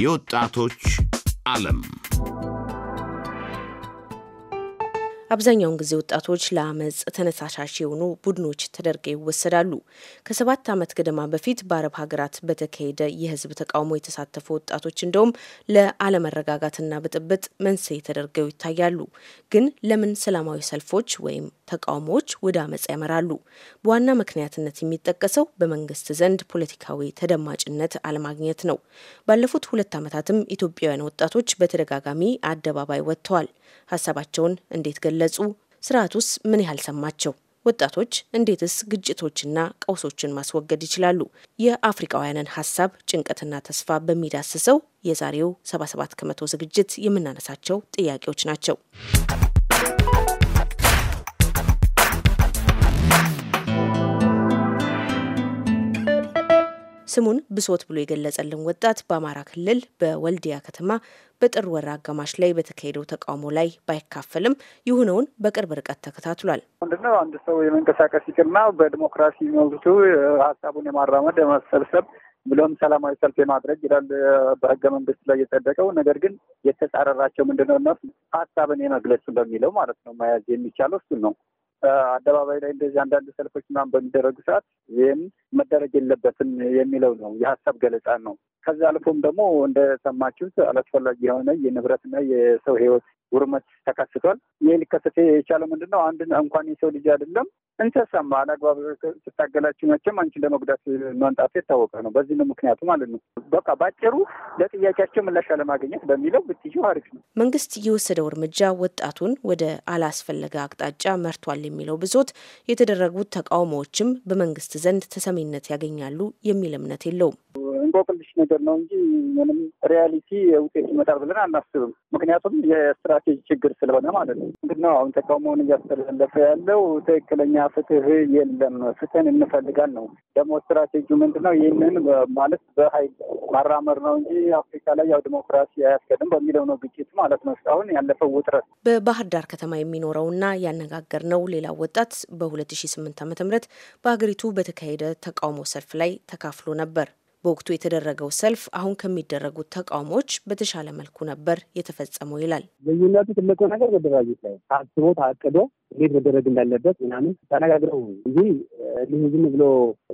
የወጣቶች ዓለም አብዛኛውን ጊዜ ወጣቶች ለአመፅ ተነሳሻሽ የሆኑ ቡድኖች ተደርገው ይወሰዳሉ። ከሰባት ዓመት ገደማ በፊት በአረብ ሀገራት በተካሄደ የህዝብ ተቃውሞ የተሳተፉ ወጣቶች እንደውም ለአለመረጋጋትና ብጥብጥ መንስኤ ተደርገው ይታያሉ። ግን ለምን ሰላማዊ ሰልፎች ወይም ተቃውሞዎች ወደ አመፅ ያመራሉ? በዋና ምክንያትነት የሚጠቀሰው በመንግስት ዘንድ ፖለቲካዊ ተደማጭነት አለማግኘት ነው። ባለፉት ሁለት ዓመታትም ኢትዮጵያውያን ወጣቶች በተደጋጋሚ አደባባይ ወጥተዋል። ሀሳባቸውን እንዴት ገለ ገለጹ? ስርዓቱስ ምን ያህል ሰማቸው? ወጣቶች እንዴትስ ግጭቶችና ቀውሶችን ማስወገድ ይችላሉ? የአፍሪካውያንን ሀሳብ ጭንቀትና ተስፋ በሚዳስሰው የዛሬው 77 ከመቶ ዝግጅት የምናነሳቸው ጥያቄዎች ናቸው። ስሙን ብሶት ብሎ የገለጸልን ወጣት በአማራ ክልል በወልዲያ ከተማ በጥር ወር አጋማሽ ላይ በተካሄደው ተቃውሞ ላይ ባይካፈልም የሆነውን በቅርብ ርቀት ተከታትሏል። ምንድነው አንድ ሰው የመንቀሳቀስ ይቅርና በዲሞክራሲ መብቱ ሀሳቡን የማራመድ የመሰብሰብ ብሎም ሰላማዊ ሰልፍ የማድረግ ይላል በህገ መንግስት ላይ የጸደቀው። ነገር ግን የተጻረራቸው ምንድነው እነሱ ሀሳብን የመግለጽ በሚለው ማለት ነው መያዝ የሚቻለው እሱን ነው። አደባባይ ላይ እንደዚህ አንዳንድ ሰልፎች ምናምን በሚደረጉ ሰዓት ይህም መደረግ የለበትም የሚለው ነው የሀሳብ ገለጻ ነው። ከዚ አልፎም ደግሞ እንደሰማችሁት አላስፈላጊ የሆነ የንብረትና የሰው ህይወት ውርመት ተከስቷል። ይህ ሊከሰት የቻለው ምንድን ነው? አንድ እንኳን የሰው ልጅ አይደለም እንሰሳማ አላግባብ ስታገላችሁ መቼም አንቺን ለመጉዳት ማንጣቱ የታወቀ ነው። በዚህ ነው ምክንያቱ ማለት ነው። በቃ ባጭሩ ለጥያቄያቸው ምላሽ አለማግኘት በሚለው ብትዩ አሪፍ ነው። መንግስት የወሰደው እርምጃ ወጣቱን ወደ አላስፈለገ አቅጣጫ መርቷል የሚለው ብሶት የተደረጉት ተቃውሞዎችም በመንግስት ዘንድ ተሰሚ ተሰሚነት ያገኛሉ የሚል እምነት የለውም። ነገር ነው እንጂ ምንም ሪያሊቲ ውጤት ይመጣል ብለን አናስብም። ምክንያቱም የስትራቴጂ ችግር ስለሆነ ማለት ነው። ምንድን ነው አሁን ተቃውሞውን እያስተላለፈ ያለው ትክክለኛ ፍትህ የለም፣ ፍትህን እንፈልጋል ነው። ደግሞ ስትራቴጂ ምንድን ነው? ይህንን ማለት በሀይል ማራመር ነው እንጂ አፍሪካ ላይ ያው ዲሞክራሲ አያስገድም በሚለው ነው ግጭት ማለት ነው። እስካሁን ያለፈው ውጥረት በባህር ዳር ከተማ የሚኖረውና ያነጋገር ነው ሌላው ወጣት በ2008 ዓ ም በሀገሪቱ በተካሄደ ተቃውሞ ሰልፍ ላይ ተካፍሎ ነበር። በወቅቱ የተደረገው ሰልፍ አሁን ከሚደረጉት ተቃውሞዎች በተሻለ መልኩ ነበር የተፈጸመው ይላል። ልዩነቱ ትልቁ ነገር መደራጀት ላይ ታስቦ ታቅዶ እንዴት መደረግ እንዳለበት ምናምን ተነጋግረው እንጂ እንዲህ ዝም ብሎ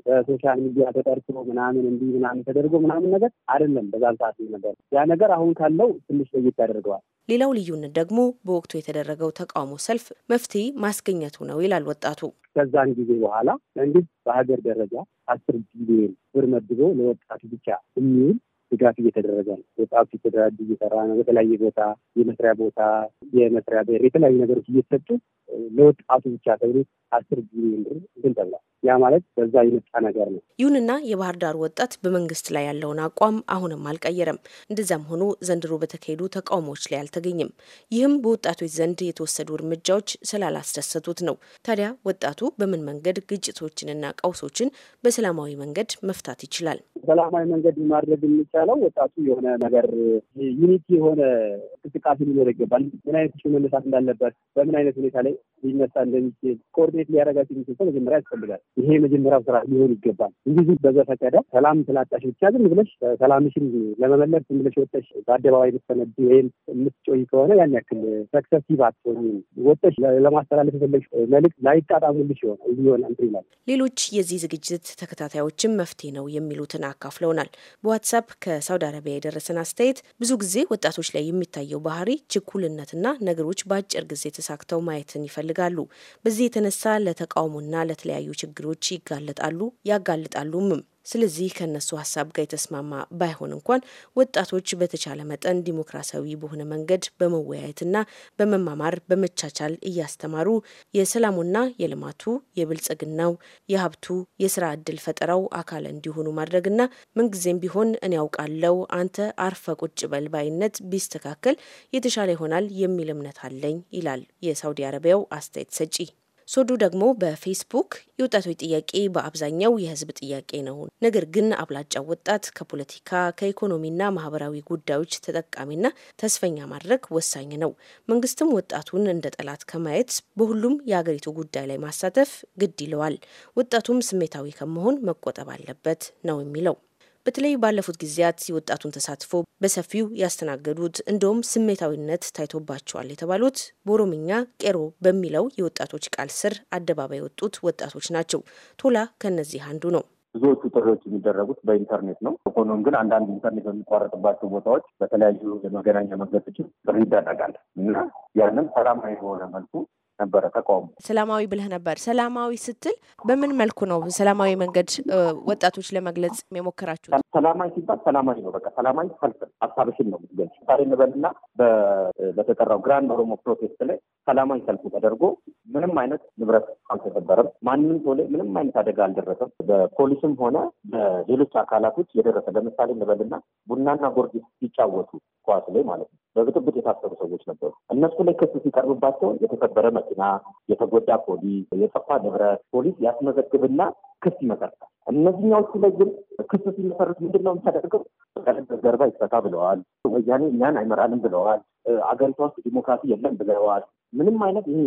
በሶሻል ሚዲያ ተጠርቶ ምናምን እንዲህ ምናምን ተደርጎ ምናምን ነገር አይደለም። በዛም ሰዓት ነበር ያ ነገር አሁን ካለው ትንሽ ለየት ያደርገዋል። ሌላው ልዩነት ደግሞ በወቅቱ የተደረገው ተቃውሞ ሰልፍ መፍትሄ ማስገኘቱ ነው ይላል ወጣቱ። ከዛን ጊዜ በኋላ መንግስት በሀገር ደረጃ አስር ቢሊዮን ብር መድቦ ለወጣቱ ብቻ የሚውል ድጋፍ እየተደረገ ነው። ወጣቱ የተደራጅ እየሰራ ነው። በተለያየ ቦታ የመስሪያ ቦታ፣ የመስሪያ ብር፣ የተለያዩ ነገሮች እየተሰጡ ለወጣቱ ብቻ ተብሎ አስር ቢሊዮን ብር እንትን ተብሏል። ያ ማለት በዛ የመጣ ነገር ነው። ይሁንና የባህር ዳር ወጣት በመንግስት ላይ ያለውን አቋም አሁንም አልቀየረም። እንደዚያም ሆኖ ዘንድሮ በተካሄዱ ተቃውሞዎች ላይ አልተገኘም። ይህም በወጣቶች ዘንድ የተወሰዱ እርምጃዎች ስላላስደሰቱት ነው። ታዲያ ወጣቱ በምን መንገድ ግጭቶችንና ቀውሶችን በሰላማዊ መንገድ መፍታት ይችላል? ሰላማዊ መንገድ ማድረግ የሚቻለው ወጣቱ የሆነ ነገር ዩኒቲ የሆነ እንቅስቃሴ ሊኖር ይገባል። ምን አይነት መነሳት እንዳለበት፣ በምን አይነት ሁኔታ ላይ ሊነሳ እንደሚችል ኮኦርዲኔት ሊያደርጋቸው የሚችል ሰው መጀመሪያ ያስፈልጋል። ይሄ የመጀመሪያው ስራ ሊሆን ይገባል እንጂ በዘፈቀደ ሰላም ስላጣሽ ብቻ ዝም ብለሽ ሰላምሽን ለመመለስ ዝም ብለሽ ወጠሽ በአደባባይ ልትፈነድ ወይም የምትጮይ ከሆነ ያን ያክል ሰክሰሲቭ አትሆኝም። ወጠሽ ለማስተላለፍ የፈለግሽ መልዕክት ላይጣጣሙልሽ ይሆናል ሆን ይላል። ሌሎች የዚህ ዝግጅት ተከታታዮችም መፍትሄ ነው የሚሉትን አካፍለውናል። በዋትሳፕ ከሳውዲ አረቢያ የደረሰን አስተያየት ብዙ ጊዜ ወጣቶች ላይ የሚታየው ባህሪ ችኩልነትና ነገሮች በአጭር ጊዜ ተሳክተው ማየትን ይፈልጋሉ። በዚህ የተነሳ ለተቃውሞና ለተለያዩ ችግር ችግሮች ይጋለጣሉ ያጋልጣሉም። ስለዚህ ከነሱ ሀሳብ ጋር የተስማማ ባይሆን እንኳን ወጣቶች በተቻለ መጠን ዲሞክራሲያዊ በሆነ መንገድ በመወያየትና በመማማር በመቻቻል እያስተማሩ የሰላሙና የልማቱ የብልጽግናው የሀብቱ የስራ እድል ፈጠራው አካል እንዲሆኑ ማድረግና ምንጊዜም ቢሆን እኔ ያውቃለው አንተ አርፈ ቁጭ በልባይነት ቢስተካከል የተሻለ ይሆናል የሚል እምነት አለኝ ይላል የሳውዲ አረቢያው አስተያየት ሰጪ። ሶዱ ደግሞ በፌስቡክ የወጣቶች ጥያቄ በአብዛኛው የህዝብ ጥያቄ ነው፣ ነገር ግን አብላጫው ወጣት ከፖለቲካ ከኢኮኖሚና ማህበራዊ ጉዳዮች ተጠቃሚና ተስፈኛ ማድረግ ወሳኝ ነው። መንግስትም ወጣቱን እንደ ጠላት ከማየት በሁሉም የአገሪቱ ጉዳይ ላይ ማሳተፍ ግድ ይለዋል። ወጣቱም ስሜታዊ ከመሆን መቆጠብ አለበት ነው የሚለው በተለይ ባለፉት ጊዜያት የወጣቱን ተሳትፎ በሰፊው ያስተናገዱት እንደውም ስሜታዊነት ታይቶባቸዋል የተባሉት በኦሮምኛ ቄሮ በሚለው የወጣቶች ቃል ስር አደባባይ የወጡት ወጣቶች ናቸው። ቶላ ከእነዚህ አንዱ ነው። ብዙዎቹ ጥሪዎች የሚደረጉት በኢንተርኔት ነው። ሆኖም ግን አንዳንድ ኢንተርኔት በሚቋረጥባቸው ቦታዎች በተለያዩ የመገናኛ መንገዶች ጥሪ ይደረጋል እና ያንም ሰላማዊ በሆነ መልኩ ነበረ ተቃውሞ። ሰላማዊ ብለህ ነበር። ሰላማዊ ስትል በምን መልኩ ነው ሰላማዊ መንገድ ወጣቶች ለመግለጽ የሞከራችሁት? ሰላማዊ ሲባል ሰላማዊ ነው። በቃ ሰላማዊ ሰልፍ ሀሳብሽን ነው ምትገልጽ። ሳሌ እንበልና በተጠራው ግራንድ ኦሮሞ ፕሮቴስት ላይ ሰላማዊ ሰልፉ ተደርጎ ምንም አይነት ንብረት አልተሰበረም። ማንም ሰው ላይ ምንም አይነት አደጋ አልደረሰም። በፖሊስም ሆነ በሌሎች አካላቶች የደረሰ ለምሳሌ እንበልና ቡናና ጎርጊስ ሲጫወቱ ኳስ ላይ ማለት ነው በብጥብጥ የታሰሩ ሰዎች ነበሩ። እነሱ ላይ ክስ ሲቀርብባቸው የተሰበረ መኪና፣ የተጎዳ ፖሊስ፣ የጠፋ ንብረት ፖሊስ ያስመዘግብና ክስ ይመሰርታል። እነዚህኛዎቹ ላይ ግን ክስ ሲመሰርት ምንድን ነው የሚያደርገው? ጀርባ ይፈታ ብለዋል። ወያኔ እኛን አይመራንም ብለዋል አገሪቷ ውስጥ ዲሞክራሲ የለም ብለዋል። ምንም አይነት ይሄ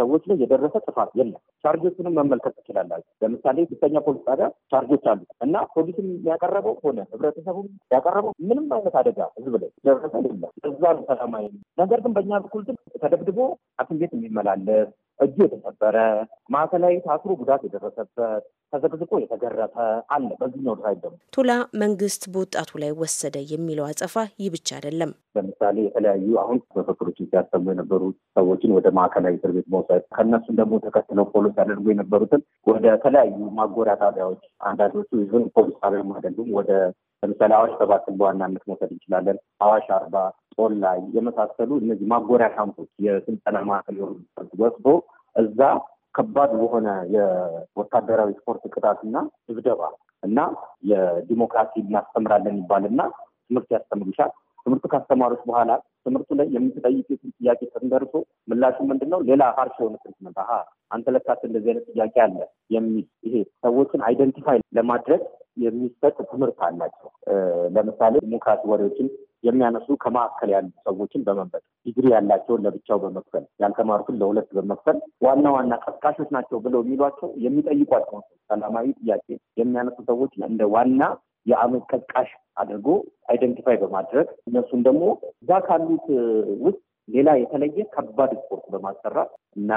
ሰዎች ላይ የደረሰ ጥፋት የለም። ቻርጆችንም መመልከት ትችላላችሁ። ለምሳሌ ስድስተኛ ፖሊስ ጣቢያ ቻርጆች አሉ እና ፖሊስም ያቀረበው ሆነ ህብረተሰቡም ያቀረበው ምንም አይነት አደጋ ህዝብ ላይ ደረሰ የለም። እዛ ነው ሰላማዊ። ነገር ግን በእኛ በኩል ግን ተደብድቦ ሐኪም ቤት የሚመላለስ እጁ የተሰበረ ማዕከላዊ ታስሮ ጉዳት የደረሰበት ተዘቅዝቆ የተገረፈ አለ። በዚህ ነው ድራይ ደግሞ ቱላ መንግስት በወጣቱ ላይ ወሰደ የሚለው አጸፋ ይህ ብቻ አይደለም። ለምሳሌ የተለያዩ አሁን መፈክሮችን ሲያሰሙ የነበሩ ሰዎችን ወደ ማዕከላዊ እስር ቤት መውሰድ፣ ከእነሱም ደግሞ ተከትለው ፖሊስ ያደርጉ የነበሩትን ወደ ተለያዩ ማጎሪያ ጣቢያዎች አንዳንዶቹ ይዞን ፖሊስ ጣቢያ አይደሉም ወደ ለምሳሌ አዋሽ ሰባትን በዋናነት መውሰድ እንችላለን። አዋሽ አርባ፣ ጦላ የመሳሰሉ እነዚህ ማጎሪያ ካምፖች የስልጠና ማዕከል የሆኑ ወስዶ እዛ ከባድ በሆነ የወታደራዊ ስፖርት ቅጣት ቅጣትና ድብደባ እና የዲሞክራሲ እናስተምራለን ይባልና ትምህርት ያስተምሩሻል። ትምህርቱ ካስተማሩች በኋላ ትምህርቱ ላይ የምትጠይቂው ጥያቄ ተንደርሶ ምላሹ ምንድን ነው? ሌላ ሀርሽ የሆነ ትሪትመንት። አሀ አንተ ለካት እንደዚህ አይነት ጥያቄ አለ የሚል ይሄ ሰዎችን አይደንቲፋይ ለማድረግ የሚሰጥ ትምህርት አላቸው። ለምሳሌ ዲሞክራሲ ወሬዎችን የሚያነሱ ከማዕከል ያሉ ሰዎችን በመምረጥ ዲግሪ ያላቸውን ለብቻው በመክፈል ያልተማሩትን ለሁለት በመክፈል ዋና ዋና ቀስቃሾች ናቸው ብለው የሚሏቸው የሚጠይቋቸው ሰላማዊ ጥያቄ የሚያነሱ ሰዎች እንደ ዋና የአመት ቀስቃሽ አድርጎ አይደንቲፋይ በማድረግ እነሱን ደግሞ እዛ ካሉት ውስጥ ሌላ የተለየ ከባድ ስፖርት በማሰራት እና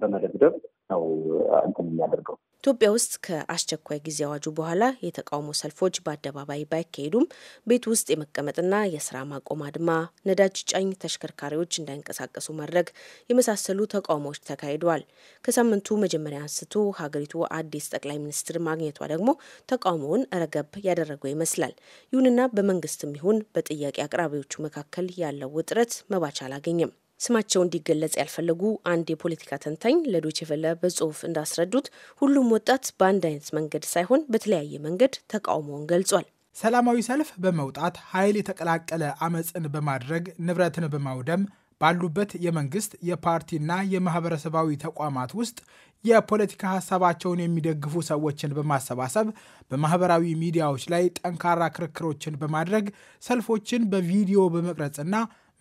በመደብደብ ነው እንትን የሚያደርገው። ኢትዮጵያ ውስጥ ከአስቸኳይ ጊዜ አዋጁ በኋላ የተቃውሞ ሰልፎች በአደባባይ ባይካሄዱም ቤት ውስጥ የመቀመጥና የስራ ማቆም አድማ፣ ነዳጅ ጫኝ ተሽከርካሪዎች እንዳይንቀሳቀሱ ማድረግ የመሳሰሉ ተቃውሞዎች ተካሂደዋል። ከሳምንቱ መጀመሪያ አንስቶ ሀገሪቱ አዲስ ጠቅላይ ሚኒስትር ማግኘቷ ደግሞ ተቃውሞውን ረገብ ያደረገው ይመስላል። ይሁንና በመንግስትም ይሁን በጥያቄ አቅራቢዎቹ መካከል ያለው ውጥረት መባቻ አላገኘም። ስማቸው እንዲገለጽ ያልፈለጉ አንድ የፖለቲካ ተንታኝ ለዶቼቨለ በጽሁፍ እንዳስረዱት ሁሉም ወጣት በአንድ አይነት መንገድ ሳይሆን በተለያየ መንገድ ተቃውሞውን ገልጿል። ሰላማዊ ሰልፍ በመውጣት ኃይል የተቀላቀለ አመፅን በማድረግ ንብረትን በማውደም ባሉበት የመንግስት የፓርቲና የማህበረሰባዊ ተቋማት ውስጥ የፖለቲካ ሀሳባቸውን የሚደግፉ ሰዎችን በማሰባሰብ በማህበራዊ ሚዲያዎች ላይ ጠንካራ ክርክሮችን በማድረግ ሰልፎችን በቪዲዮ በመቅረጽና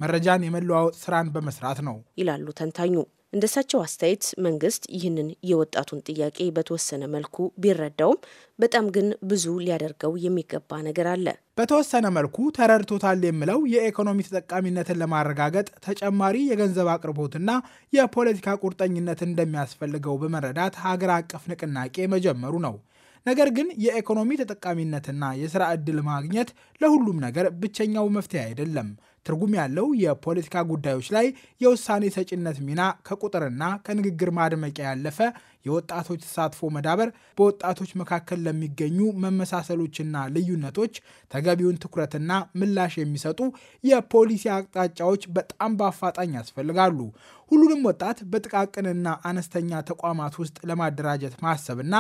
መረጃን የመለዋወጥ ስራን በመስራት ነው ይላሉ ተንታኙ። እንደሳቸው አስተያየት መንግስት ይህንን የወጣቱን ጥያቄ በተወሰነ መልኩ ቢረዳውም በጣም ግን ብዙ ሊያደርገው የሚገባ ነገር አለ። በተወሰነ መልኩ ተረድቶታል የምለው የኢኮኖሚ ተጠቃሚነትን ለማረጋገጥ ተጨማሪ የገንዘብ አቅርቦትና የፖለቲካ ቁርጠኝነት እንደሚያስፈልገው በመረዳት ሀገር አቀፍ ንቅናቄ መጀመሩ ነው። ነገር ግን የኢኮኖሚ ተጠቃሚነትና የስራ ዕድል ማግኘት ለሁሉም ነገር ብቸኛው መፍትሄ አይደለም። ትርጉም ያለው የፖለቲካ ጉዳዮች ላይ የውሳኔ ሰጪነት ሚና ከቁጥርና ከንግግር ማድመቂያ ያለፈ የወጣቶች ተሳትፎ መዳበር በወጣቶች መካከል ለሚገኙ መመሳሰሎችና ልዩነቶች ተገቢውን ትኩረትና ምላሽ የሚሰጡ የፖሊሲ አቅጣጫዎች በጣም በአፋጣኝ ያስፈልጋሉ። ሁሉንም ወጣት በጥቃቅንና አነስተኛ ተቋማት ውስጥ ለማደራጀት ማሰብና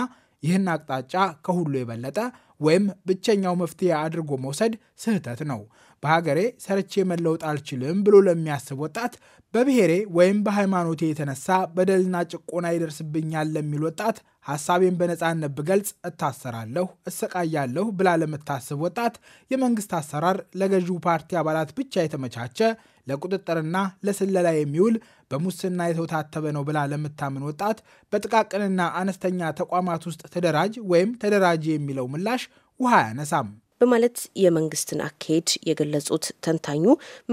ይህን አቅጣጫ ከሁሉ የበለጠ ወይም ብቸኛው መፍትሄ አድርጎ መውሰድ ስህተት ነው። በሀገሬ ሰርቼ መለወጥ አልችልም ብሎ ለሚያስብ ወጣት በብሔሬ ወይም በሃይማኖቴ የተነሳ በደልና ጭቆና ይደርስብኛል ለሚል ወጣት ሀሳቤን በነፃነት ብገልጽ እታሰራለሁ፣ እሰቃያለሁ ብላ ለምታስብ ወጣት የመንግስት አሰራር ለገዢው ፓርቲ አባላት ብቻ የተመቻቸ ለቁጥጥርና ለስለላ የሚውል በሙስና የተወታተበ ነው ብላ ለምታምን ወጣት በጥቃቅንና አነስተኛ ተቋማት ውስጥ ተደራጅ ወይም ተደራጅ የሚለው ምላሽ ውሃ አያነሳም። በማለት የመንግስትን አካሄድ የገለጹት ተንታኙ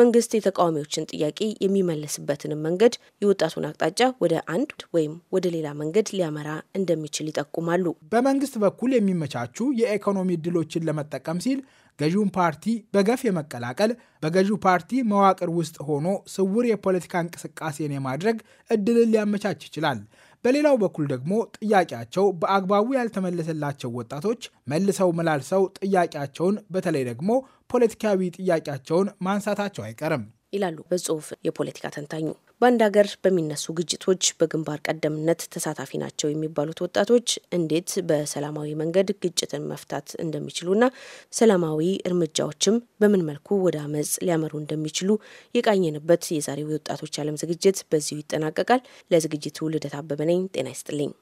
መንግስት የተቃዋሚዎችን ጥያቄ የሚመለስበትንም መንገድ የወጣቱን አቅጣጫ ወደ አንድ ወይም ወደ ሌላ መንገድ ሊያመራ እንደሚችል ይጠቁማሉ። በመንግስት በኩል የሚመቻቹ የኢኮኖሚ እድሎችን ለመጠቀም ሲል ገዢውን ፓርቲ በገፍ የመቀላቀል በገዢው ፓርቲ መዋቅር ውስጥ ሆኖ ስውር የፖለቲካ እንቅስቃሴን የማድረግ እድልን ሊያመቻች ይችላል። በሌላው በኩል ደግሞ ጥያቄያቸው በአግባቡ ያልተመለሰላቸው ወጣቶች መልሰው መላልሰው ጥያቄያቸውን በተለይ ደግሞ ፖለቲካዊ ጥያቄያቸውን ማንሳታቸው አይቀርም። ይላሉ በጽሁፍ የፖለቲካ ተንታኙ። በአንድ ሀገር በሚነሱ ግጭቶች በግንባር ቀደምነት ተሳታፊ ናቸው የሚባሉት ወጣቶች እንዴት በሰላማዊ መንገድ ግጭትን መፍታት እንደሚችሉና ሰላማዊ እርምጃዎችም በምን መልኩ ወደ አመፅ ሊያመሩ እንደሚችሉ የቃኘንበት የዛሬው የወጣቶች ዓለም ዝግጅት በዚሁ ይጠናቀቃል። ለዝግጅቱ ልደት አበበ ነኝ። ጤና ይስጥልኝ።